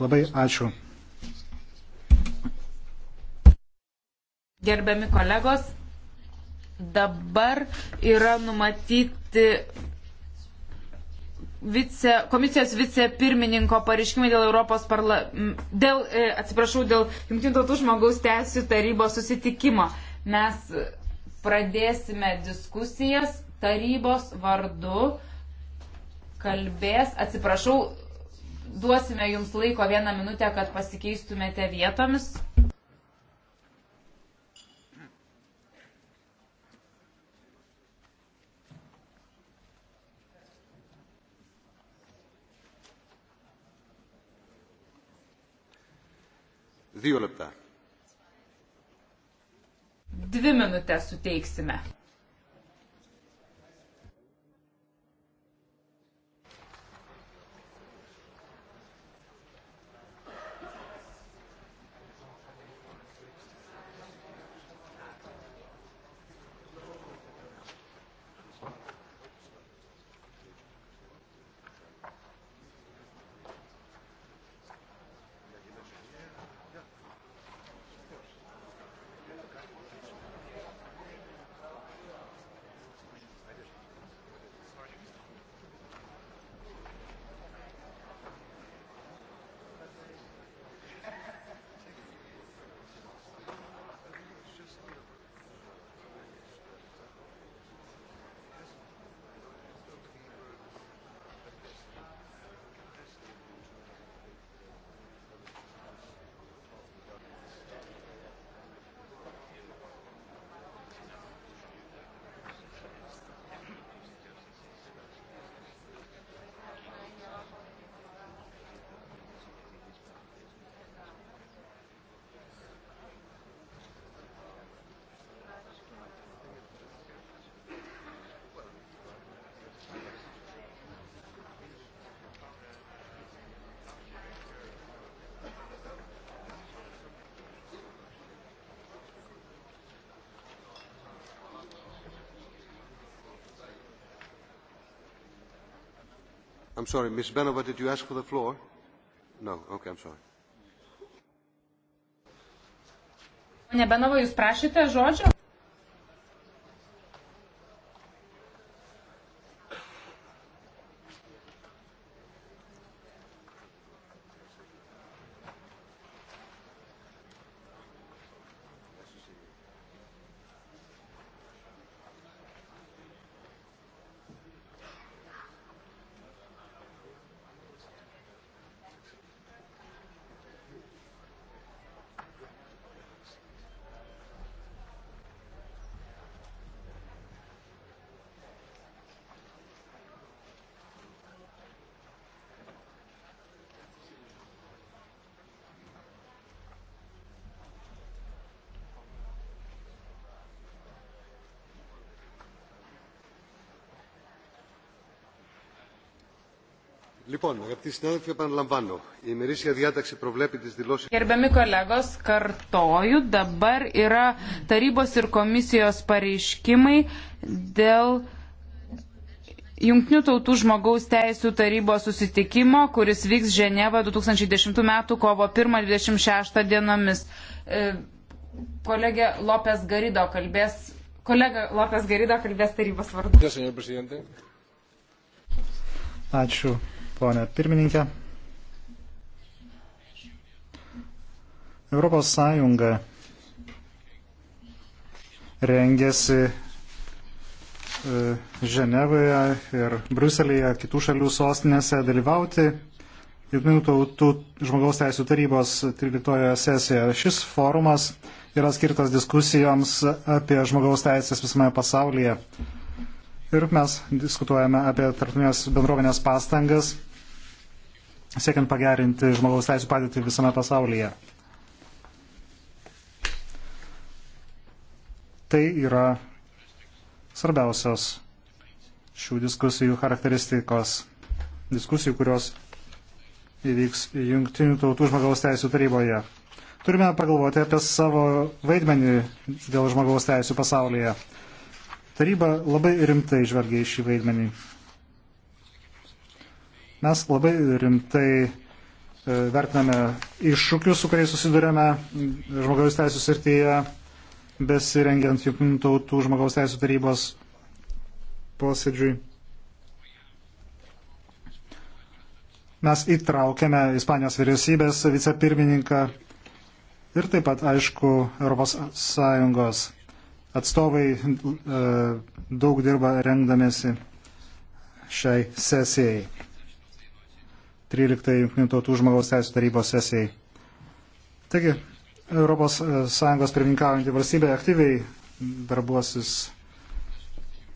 Labai ačiū. Gerbiami kolegos, dabar yra numatyti vice, komisijos vicepirmininko pareiškimai dėl Europos parla... dėl, e, atsiprašau, dėl Junktinių tautų žmogaus teisų tarybos susitikimo. Mes pradėsime diskusijas tarybos vardu. Kalbės, atsiprašau, duosime jums laiko vieną minutę, kad pasikeistumėte vietomis. Dvi minutės suteiksime. I'm sorry, Ms. Benova, did you ask for the floor? No, okay, I'm sorry. Nebenova, jūs prašėte žodžio? Λοιπόν, αγαπητοί συνάδελφοι, επαναλαμβάνω. Η ημερήσια διάταξη προβλέπει τις δηλώσεις... Gerbiami kolegos, kartoju, dabar yra tarybos ir komisijos pareiškimai dėl Junktinių tautų žmogaus teisų tarybos susitikimo, kuris vyks Ženeva 2010 m. kovo 1-26 dienomis. E, kolegė Lopes Garido kalbės, kolega Lopes Garido kalbės tarybos vardu. Ačiū ponė pirmininkė. Europos Sąjunga rengėsi e, Ženevoje ir Bruselėje, kitų šalių sostinėse dalyvauti Junktinių tautų žmogaus teisų tarybos 13 sesijoje. Šis forumas yra skirtas diskusijoms apie žmogaus teisės visame pasaulyje. Ir mes diskutuojame apie tarptautinės bendruomenės pastangas siekiant pagerinti žmogaus teisų padėtį visame pasaulyje. Tai yra svarbiausios šių diskusijų charakteristikos, diskusijų, kurios įvyks Junktinių tautų žmogaus teisų taryboje. Turime pagalvoti apie savo vaidmenį dėl žmogaus teisų pasaulyje. Taryba labai rimtai žvelgia į šį vaidmenį. Mes labai rimtai e, vertiname iššūkius, su kuriais susidurėme žmogaus teisų srityje, besirengiant jungtinių tautų žmogaus teisų tarybos posėdžiui. Mes įtraukėme Ispanijos vyriausybės vicepirmininką ir taip pat, aišku, ES atstovai e, daug dirba rengdamėsi šiai sesijai. 13 Junktinių tautų žmogaus teisų tarybos sesijai. Taigi, ES e, pirmininkaujantį valstybę aktyviai darbuosis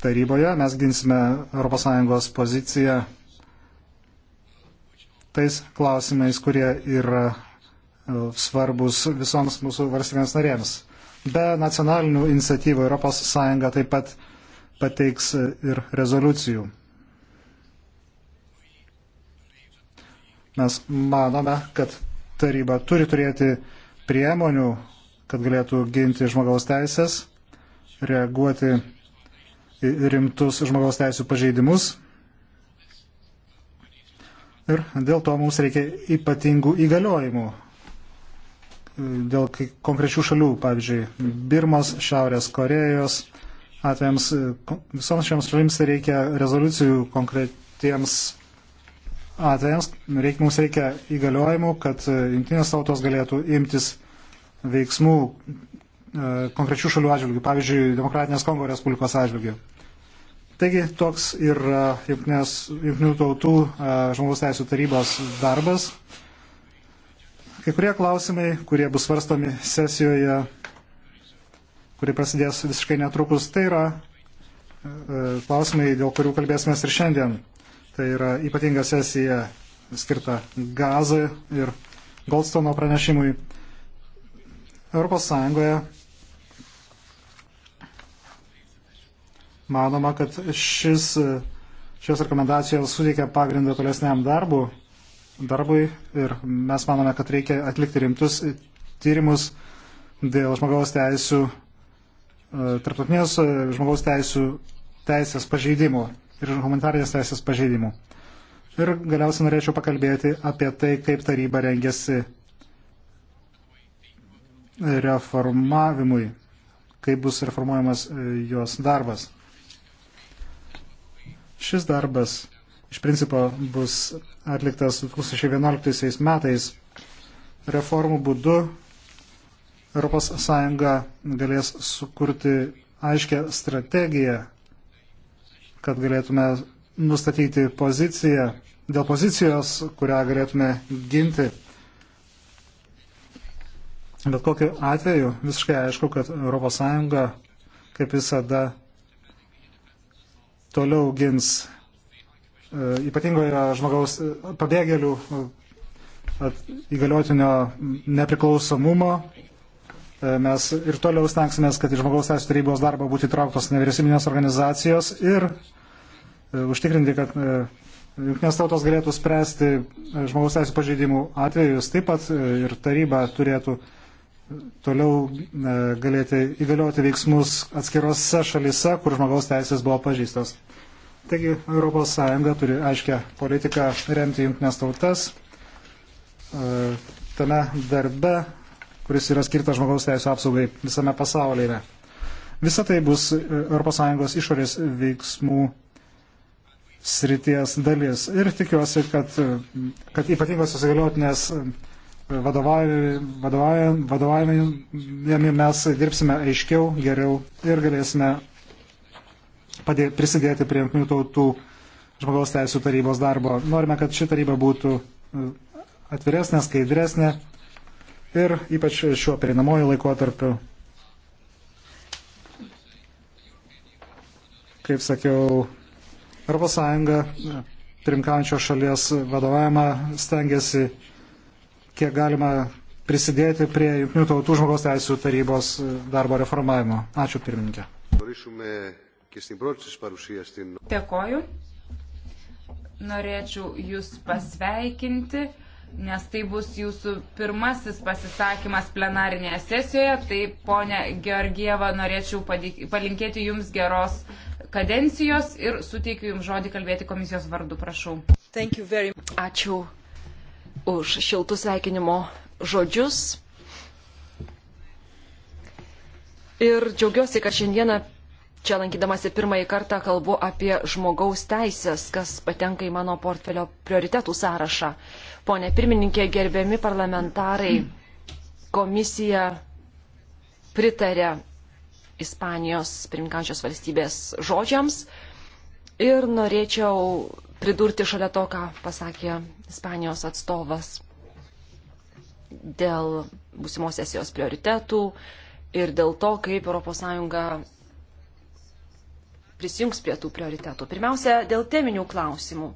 taryboje. Mes ginsime ES poziciją tais klausimais, kurie yra e, svarbus visoms mūsų valstybėms narėms. Be nacionalinių iniciatyvų ES taip pat pateiks ir rezoliucijų. Mes manome, kad taryba turi turėti priemonių, kad galėtų ginti žmogaus teisės, reaguoti į rimtus žmogaus teisų pažeidimus. Ir dėl to mums reikia ypatingų įgaliojimų. Dėl konkrečių šalių, pavyzdžiui, Birmos, Šiaurės Korejos atvejams, visoms šiems šalims reikia rezoliucijų konkretiems atvejams tai reik, mums reikia įgaliojimų, kad e, jungtinės tautos galėtų imtis veiksmų e, konkrečių šalių atžvilgių, pavyzdžiui, Demokratinės Kongo Respublikos atžvilgių. Taigi toks ir e, jungtinių tautų žmogaus teisų tarybos darbas. Kai kurie klausimai, kurie bus svarstomi sesijoje, kuri prasidės visiškai netrukus, tai yra klausimai, dėl kurių kalbėsime ir šiandien. Tai yra ypatinga sesija skirta gazai ir Goldstono pranešimui. Europos Sąjungoje manoma, kad šis, šios rekomendacijos suteikia pagrindą tolesniam darbu, darbui ir mes manome, kad reikia atlikti rimtus tyrimus dėl žmogaus teisų, e, tarptautinės e, žmogaus teisų teisės pažeidimų ir humanitarės teisės pažeidimų. Ir galiausiai norėčiau pakalbėti apie tai, kaip taryba rengiasi reformavimui, kaip bus reformuojamas e, jos darbas. Šis darbas iš principo bus atliktas 2011 metais reformų būdu ES galės sukurti aiškę strategiją kad galėtume nustatyti poziciją, dėl pozicijos, kurią galėtume ginti. Bet kokiu atveju visiškai aišku, kad ES kaip visada toliau gins e, ypatingojo žmogaus pabėgėlių e, įgaliotinio nepriklausomumo E, mes ir toliau stengsimės, kad į žmogaus teisų tarybos darbą būtų įtrauktos nevyriausybinės organizacijos ir e, užtikrinti, kad e, jungtinės tautos galėtų spręsti žmogaus teisų pažeidimų atvejus. Taip pat ir taryba turėtų toliau galėti įgalioti veiksmus atskirose šalise, kur žmogaus teisės buvo pažįstos. Taigi ES turi aiškę politiką remti jungtinės tautas. Tame darbe kuris yra skirtas žmogaus teisų apsaugai visame pasaulyje. Visa tai bus ES išorės veiksmų srities dalis. Ir tikiuosi, kad, e, kad ypatingos įsigaliotinės e, vadovaujami mes dirbsime aiškiau, geriau ir galėsime padė, prisidėti prie jungtinių tautų žmogaus teisų tarybos darbo. Norime, kad ši taryba būtų e, atviresnė, skaidresnė ir ypač šiuo perinamoju laikotarpiu. Kaip sakiau, ES pirmkančios šalies vadovavimą stengiasi kiek galima prisidėti prie Junktinių tautų žmogaus teisų tarybos darbo reformavimo. Ačiū pirmininkė. Dėkoju. Norėčiau Jūs pasveikinti nes tai bus jūsų pirmasis pasisakymas plenarinėje sesijoje. Tai, ponė Georgieva, norėčiau palinkėti jums geros kadencijos ir suteikiu jums žodį kalbėti komisijos vardu, prašau. Ačiū už šiltų sveikinimo žodžius. Ir džiaugiuosi, kad šiandieną čia lankydamasi pirmąjį kartą kalbu apie žmogaus teisės, kas patenka į mano portfelio prioritetų sąrašą. Pone pirmininkė, gerbiami parlamentarai, komisija pritarė Ispanijos pirmininkančios valstybės žodžiams ir norėčiau pridurti šalia to, ką pasakė Ispanijos atstovas dėl būsimos sesijos prioritetų ir dėl to, kaip ES prisijungs prie tų prioritetų. Pirmiausia, dėl teminių klausimų.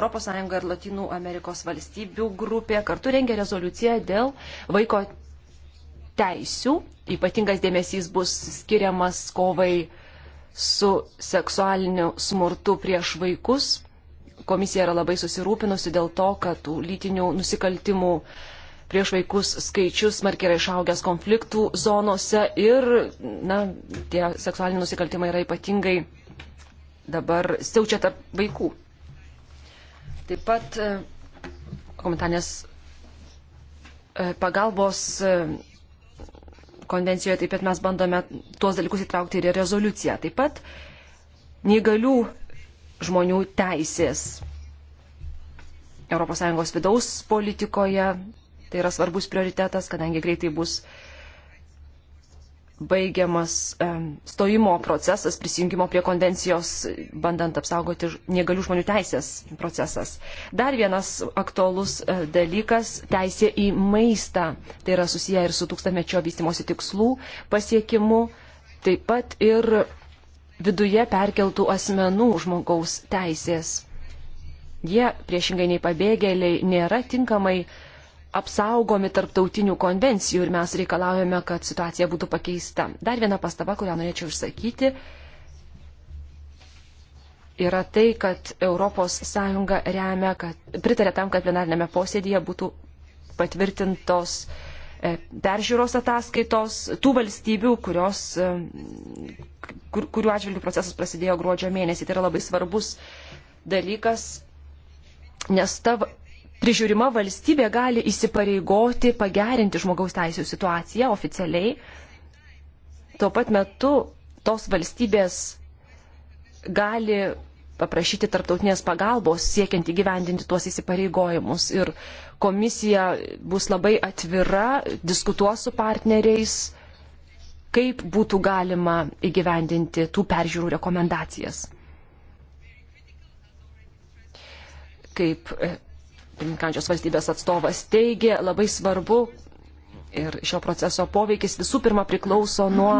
ES ir Latinų Amerikos valstybių grupė kartu rengia rezoliuciją dėl vaiko teisių. Ypatingas dėmesys bus skiriamas kovai su seksualiniu smurtu prieš vaikus. Komisija yra labai susirūpinusi dėl to, kad tų lytinių nusikaltimų prieš vaikus skaičius smarkiai yra išaugęs konfliktų zonose ir na, tie seksualiniai nusikaltimai yra ypatingai dabar siaučia tarp vaikų. Taip pat e, komentanės e, pagalbos e, konvencijoje taip pat mes bandome tuos dalykus įtraukti ir į rezoliuciją. Taip pat neįgalių žmonių teisės ES vidaus politikoje tai yra svarbus prioritetas, kadangi greitai bus baigiamas stojimo procesas, prisijungimo prie konvencijos, bandant apsaugoti negalių žmonių teisės procesas. Dar vienas aktualus e, dalykas - teisė į maistą. Tai yra susiję ir su tūkstantmečio vystimosi tikslų pasiekimu, taip pat ir viduje perkeltų asmenų žmogaus teisės. Jie, priešingai nei pabėgėliai, nėra tinkamai uh, apsaugomi tarptautinių konvencijų ir mes reikalaujame, kad situacija būtų pakeista. Dar viena pastaba, kurią norėčiau išsakyti, yra tai, kad ES remia, kad pritarė tam, kad plenarinėme posėdėje būtų patvirtintos e, peržiūros ataskaitos tų valstybių, kurios, e, kur, kurių atžvilgių procesas prasidėjo gruodžio mėnesį. Tai yra labai svarbus dalykas, nes ta prižiūrima valstybė gali įsipareigoti pagerinti žmogaus teisų situaciją oficialiai. Tuo pat metu tos valstybės gali paprašyti tarptautinės pagalbos siekiant įgyvendinti tuos įsipareigojimus. Ir komisija bus labai atvira, diskutuos su partneriais, kaip būtų galima įgyvendinti tų peržiūrų rekomendacijas. Kaip pirmininkančios valstybės atstovas teigė, labai svarbu ir šio proceso poveikis visų pirma priklauso nuo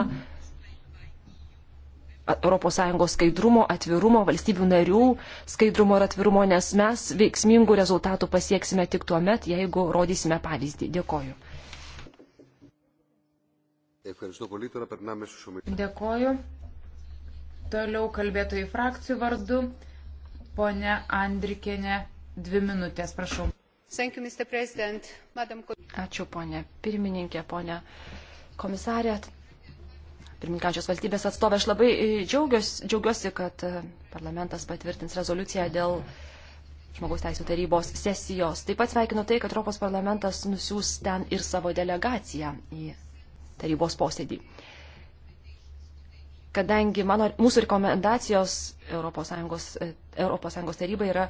ES skaidrumo, atvirumo, valstybių narių skaidrumo ir atvirumo, nes mes veiksmingų rezultatų pasieksime tik tuo met, jeigu rodysime pavyzdį. Dėkoju. Dėkoju. Toliau kalbėtojų frakcijų vardu, ponė Andrikėne Dvi minutės, prašau. Ačiū, ponė pirmininkė, ponė komisarė, pirmininkančios valstybės atstovė. Aš labai e, džiaugiuosi, džiaugiuosi, kad e, parlamentas patvirtins rezoliuciją dėl žmogaus teisų tarybos sesijos. Taip pat sveikinu tai, kad Europos parlamentas nusiūs ten ir savo delegaciją į tarybos posėdį. Kadangi mano, mūsų rekomendacijos ES, ES tarybai yra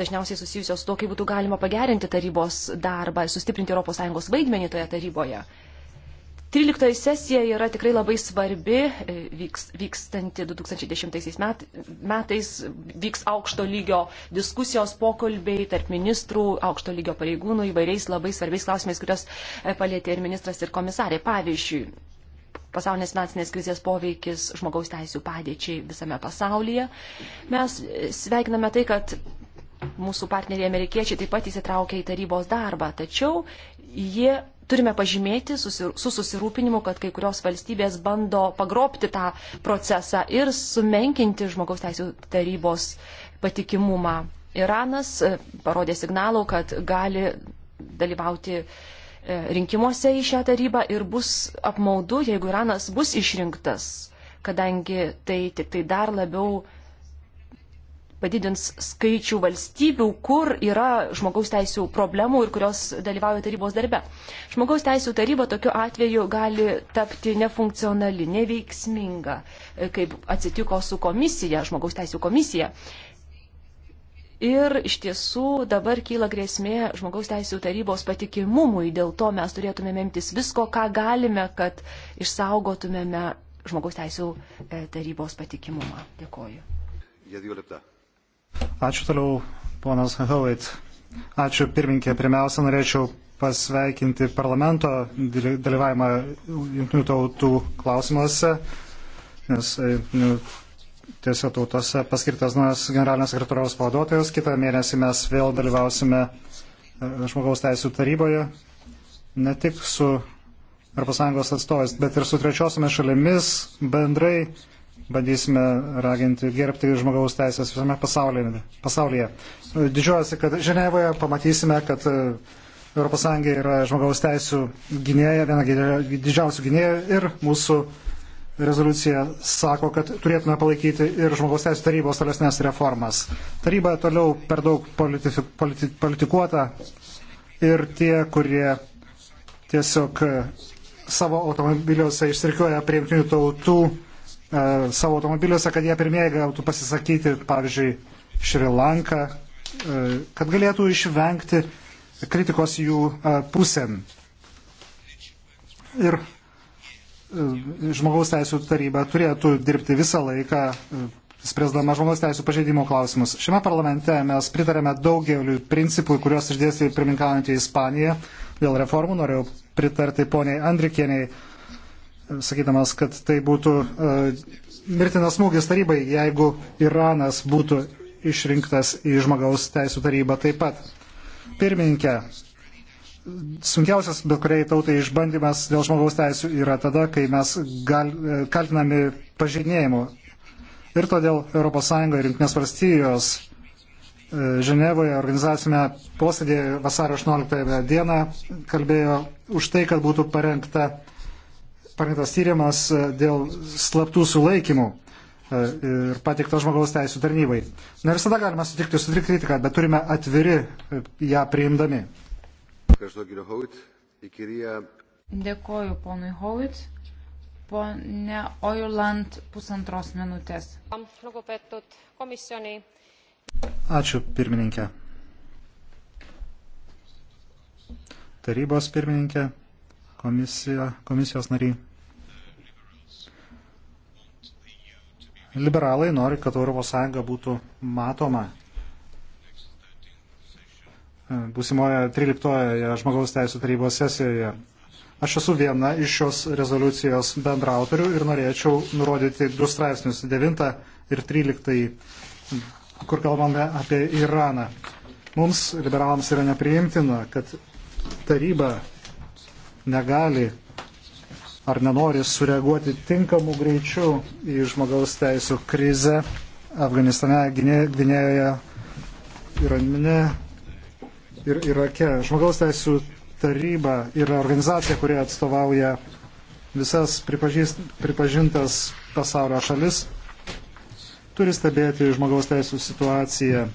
dažniausiai susijusios su to, kaip būtų galima pagerinti tarybos darbą, sustiprinti ES vaidmenį toje taryboje. 13 sesija yra tikrai labai svarbi, e, vyks, vykstanti 2010 met, metais, vyks aukšto lygio diskusijos pokalbiai tarp ministrų, aukšto lygio pareigūnų įvairiais labai svarbiais klausimais, kurias e, palėtė ir ministras, ir komisarė. Pavyzdžiui, pasaulinės finansinės krizės poveikis žmogaus teisų padėčiai visame pasaulyje. Mes e, sveikiname tai, kad mūsų partneriai amerikiečiai taip pat įsitraukia į tarybos darbą, tačiau jie turime pažymėti susir, su susirūpinimu, kad kai kurios valstybės bando pagrobti tą procesą ir sumenkinti žmogaus teisų tarybos patikimumą. Iranas e, parodė signalų, kad gali dalyvauti e, rinkimuose į šią tarybą ir bus apmaudu, jeigu Iranas bus išrinktas, kadangi tai tik tai dar labiau padidins skaičių valstybių, kur yra žmogaus teisų problemų ir kurios dalyvauja tarybos darbe. Žmogaus teisų taryba tokiu atveju gali tapti nefunkcionali, neveiksminga, e, kaip atsitiko su komisija, žmogaus teisų komisija. Ir iš tiesų dabar kyla grėsmė žmogaus teisų tarybos patikimumui, dėl to mes turėtumėm imtis visko, ką galime, kad išsaugotumėme žmogaus teisų e, tarybos patikimumą. Dėkoju. Jie dvi lepta. Ačiū toliau, ponas Howitt. Ačiū pirminkė. Pirmiausia, norėčiau pasveikinti parlamento dalyvavimą jungtinių tautų klausimuose, nes e, nu, tiesiog tautose paskirtas naujas generalinės sekretoriaus pavaduotojas. Kitą mėnesį mes vėl dalyvausime e, žmogaus teisų taryboje, ne tik su ES atstovais, bet ir su trečiosiomis šalimis bendrai bandysime raginti gerbti žmogaus teisės visame pasaulyje. pasaulyje. Didžiuojasi, kad Ženevoje pamatysime, kad ES yra žmogaus teisų gynėja, viena didžiausių gynėja ir mūsų rezoliucija sako, kad turėtume palaikyti ir žmogaus teisų tarybos tolesnės reformas. Taryba toliau per daug politi politi politikuota ir tie, kurie tiesiog savo automobiliuose išsirkiuoja prie jungtinių tautų E, savo automobiliuose, kad jie pirmieji gautų pasisakyti, pavyzdžiui, Šri Lanka, e, kad galėtų išvengti kritikos jų e, pusėn. Ir žmogaus teisų taryba turėtų dirbti visą laiką, spręsdama žmogaus teisų pažeidimo klausimus. Šiame parlamente mes pritarėme daugeliu principų, kuriuos išdėstė pirmininkaujantį Ispaniją. Dėl reformų norėjau pritarti poniai Andrikieniai sakydamas, kad tai būtų e, mirtinas smūgis tarybai, jeigu Iranas būtų išrinktas į žmogaus teisų tarybą taip pat. Pirmininkė, sunkiausias bet kuriai tautai išbandymas dėl žmogaus teisų yra tada, kai mes gal, e, kaltinami pažinėjimu. Ir todėl ES ir Junktinės valstijos e, Ženevoje organizacinėme posėdėje vasario 18 dieną kalbėjo už tai, kad būtų parengta uh, parengtas tyrimas e, dėl slaptų sulaikymų e, ir pateiktas žmogaus teisų tarnybai. Ne visada galima sutikti su kritika, bet turime atviri e, ją priimdami. Dėkoju ponui Howitt. Pone Ojuland, pusantros minutės. Ačiū pirmininkė. Tarybos pirmininkė, komisija, komisijos nariai. Liberalai nori, kad ES būtų matoma. Būsimoje 13-oje žmogaus teisų tarybos sesijoje. Aš esu viena iš šios rezoliucijos bendrautorių ir norėčiau nurodyti du straipsnius - 9 ir 13, kur kalbame apie Iraną. Mums, liberalams, yra nepriimtina, kad taryba negali ar nenori sureaguoti tinkamų greičių į žmogaus teisų krizę Afganistane, Gvinėjoje, Irane ir Irake. Žmogaus teisų taryba yra organizacija, kurie atstovauja visas pripažintas pasaulio šalis, turi stebėti žmogaus teisų situaciją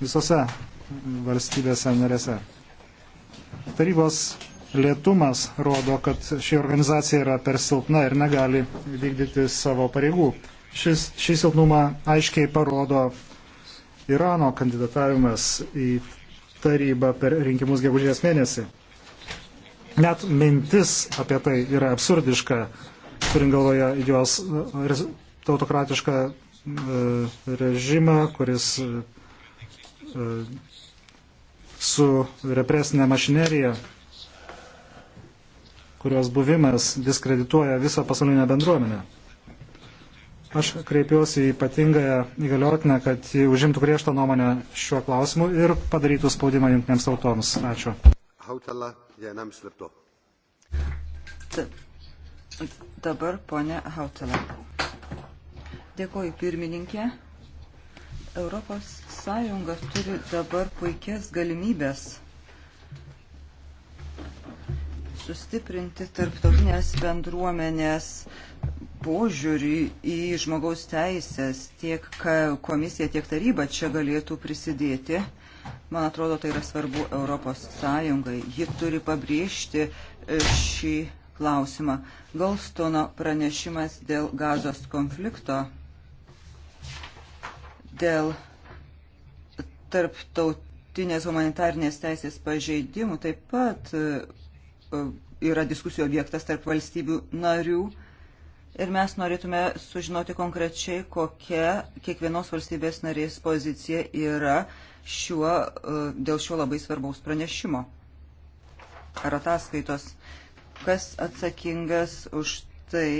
visose valstybėse narėse. Tarybos Lietumas rodo, kad ši organizacija yra per silpna ir negali vykdyti savo pareigų. Šis, šį silpnumą aiškiai parodo Irano kandidatavimas į tarybą per rinkimus gegužės mėnesį. Net mintis apie tai yra absurdiška, turint galvoje jos e, autokratišką e, režimą, kuris e, su represinė mašinerija kurios buvimas diskredituoja visą pasaulinę bendruomenę. Aš kreipiuosi į ypatingąją įgaliotinę, kad ji užimtų griežtą nuomonę šiuo klausimu ir padarytų spaudimą jungtinėms tautoms. Ačiū. Hautala, Dabar ponė Hautala. Dėkoju pirmininkė. Europos Sąjunga turi dabar puikias galimybės sustiprinti tarptautinės bendruomenės požiūrį į žmogaus teisės. Tiek komisija, tiek taryba čia galėtų prisidėti. Man atrodo, tai yra svarbu Europos Sąjungai. Ji turi pabrėžti e, šį klausimą. Galstono pranešimas dėl gazos konflikto, dėl tarptautinės humanitarnės teisės pažeidimų taip pat e, E, yra diskusijų objektas tarp valstybių narių. Ir mes norėtume sužinoti konkrečiai, kokia kiekvienos valstybės narės pozicija yra šiuo, e, dėl šio labai svarbaus pranešimo ar ataskaitos. Kas atsakingas už tai,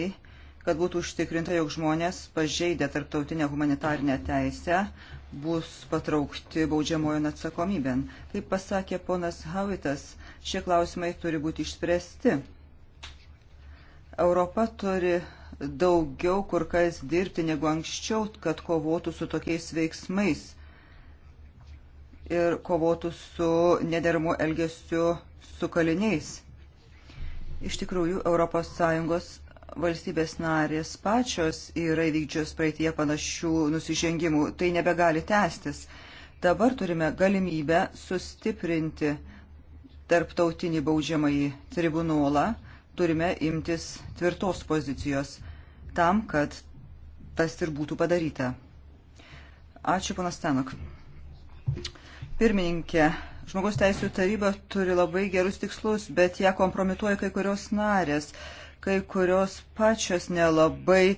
kad būtų užtikrinta, jog žmonės pažeidę tarptautinę humanitarinę teisę bus patraukti baudžiamojon atsakomybėn. Kaip pasakė ponas Havitas, Šie klausimai turi būti išspręsti. Europa turi daugiau kur kas dirbti negu anksčiau, kad kovotų su tokiais veiksmais ir kovotų su nedermu elgesiu su kaliniais. Iš tikrųjų, ES valstybės narės pačios yra įvykdžios praeitie panašių nusižengimų. Tai nebegali tęstis. Dabar turime galimybę sustiprinti tarptautinį baudžiamąjį tribunolą, turime imtis tvirtos pozicijos tam, kad tas ir būtų padaryta. Ačiū, panas Tenok. Pirmininkė, Žmogaus teisų taryba turi labai gerus tikslus, bet ją kompromituoja kai kurios narės kai kurios pačios nelabai e,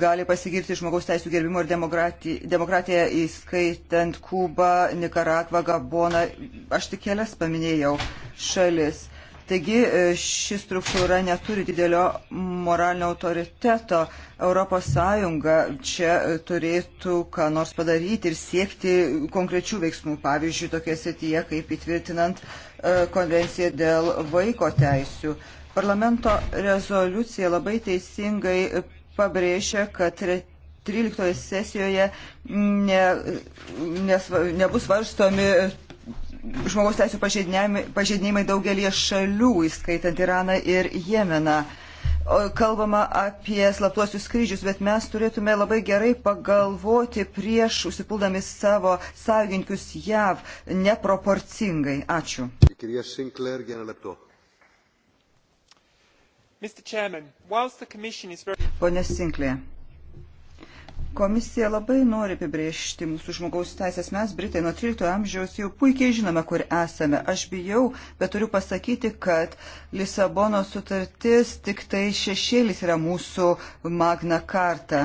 gali pasigirti žmogaus teisų gerbimo ir demokratiją, įskaitant Kubą, Nikaragvą, Gaboną. Aš tik kelias paminėjau šalis. Taigi e, ši struktūra neturi didelio moralinio autoriteto. ES čia e, turėtų ką nors padaryti ir siekti konkrečių veiksmų, pavyzdžiui, tokia srityje kaip įtvirtinant konvenciją dėl vaiko teisių. Uh, Parlamento rezoliucija labai teisingai pabrėžia, kad 13 sesijoje ne, nes, nebus varstomi žmogaus teisų pažeidinimai daugelie šalių, įskaitant Iraną ir Jemeną. Kalbama apie slaptuosius skrydžius, bet mes turėtume labai gerai pagalvoti prieš užsipuldami savo sąjungininkus JAV neproporcingai. Ačiū. Pone Sinklė, komisija labai nori apibriežti mūsų žmogaus teisės. Mes, Britai, nuo 13 amžiaus jau puikiai žinome, kur esame. Aš bijau, bet turiu pasakyti, kad Lisabono sutartis tik tai šešėlis yra mūsų magna karta.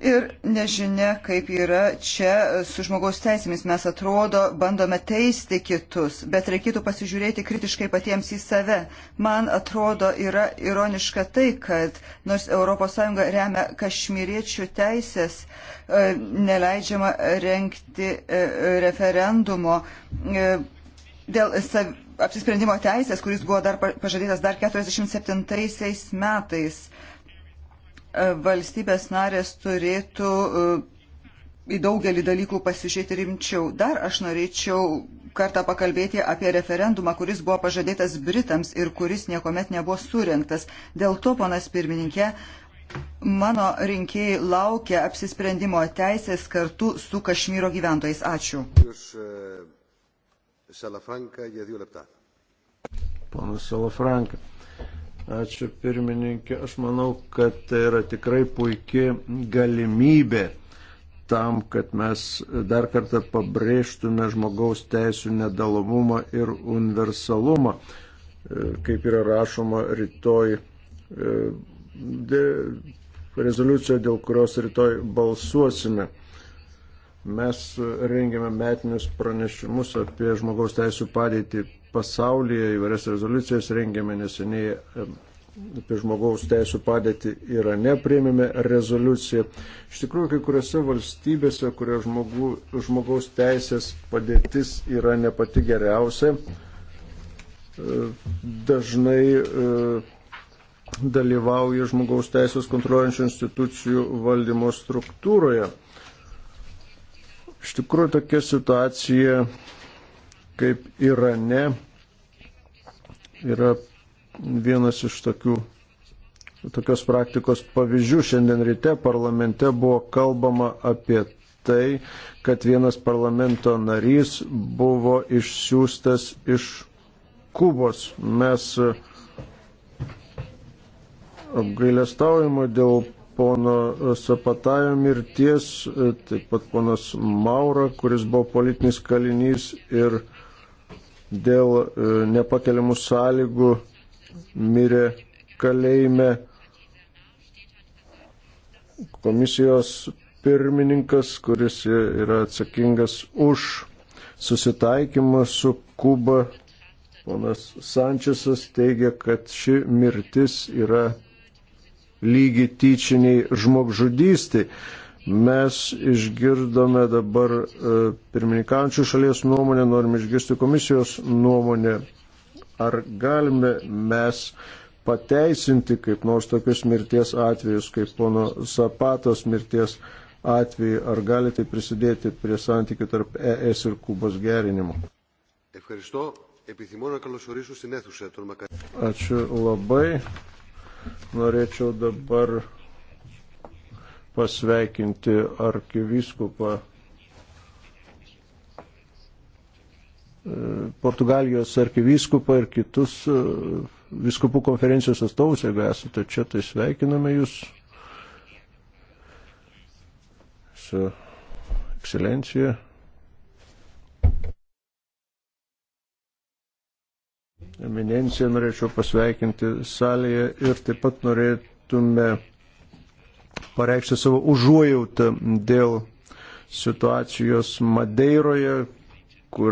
Ir nežinia, kaip yra čia su žmogaus teisėmis. Mes atrodo, bandome teisti kitus, bet reikėtų pasižiūrėti kritiškai patiems į save. Man atrodo, yra ironiška tai, kad nors ES remia kašmiriečių teisės, e, neleidžiama renkti e, referendumo e, dėl apsisprendimo teisės, kuris buvo dar pažadėtas dar 47 metais E, valstybės narės turėtų e, į daugelį dalykų pasižiūrėti rimčiau. Dar aš norėčiau kartą pakalbėti apie referendumą, kuris buvo pažadėtas Britams ir kuris niekuomet nebuvo surinktas. Dėl to, ponas pirmininkė, mano rinkėjai laukia apsisprendimo teisės kartu su Kašmyro gyventojais. Ačiū. E, ponas Salafranka. Ačiū pirmininkė. Aš manau, kad tai yra tikrai puikia galimybė tam, kad mes dar kartą pabrėžtume žmogaus teisų nedalomumą ir universalumą, e, kaip yra rašoma rytoj e, rezoliucijoje, dėl kurios rytoj balsuosime. Mes rengiame metinius pranešimus apie žmogaus teisų padėtį pasaulyje, įvairias rezoliucijas rengiame neseniai apie žmogaus teisų padėtį Irane priėmėme rezoliuciją. Iš tikrųjų, kai kuriuose valstybėse, kurio žmogu, žmogaus teisės padėtis yra ne pati geriausia, e, dažnai e, dalyvauja žmogaus teisės kontroliuojančių institucijų valdymo struktūroje. Iš tikrųjų tokia situacija kaip Irane yra vienas iš tokių, tokios praktikos pavyzdžių. Šiandien ryte parlamente buvo kalbama apie tai, kad vienas parlamento narys buvo išsiųstas iš Kubos. Mes apgailestaujama dėl pono Sapatajo mirties, e, taip pat ponas Maura, kuris buvo politinis kalinys ir dėl e, nepakeliamų sąlygų mirė kalėjime. Komisijos pirmininkas, kuris e, yra atsakingas už susitaikymą su Kuba, ponas Sančiasas teigia, kad ši mirtis yra lygi tyčiniai žmogžudystiai. Mes išgirdome dabar e, pirmininkančių šalies nuomonę, norime išgirsti komisijos nuomonę. Ar galime mes pateisinti kaip nors tokius mirties atvejus, kaip pono Zapatos mirties atveju, ar gali tai prisidėti prie santykių tarp ES ir Kubos gerinimo? Ačiū labai. Norėčiau dabar pasveikinti arkivyskupą e, Portugalijos arkivyskupą ir kitus e, viskupų konferencijos atstovus, jeigu esate čia, tai sveikiname jūs su ekscelencija. eminenciją norėčiau pasveikinti salėje ir taip pat norėtume pareikšti savo užuojautą dėl situacijos Madeiroje, kurią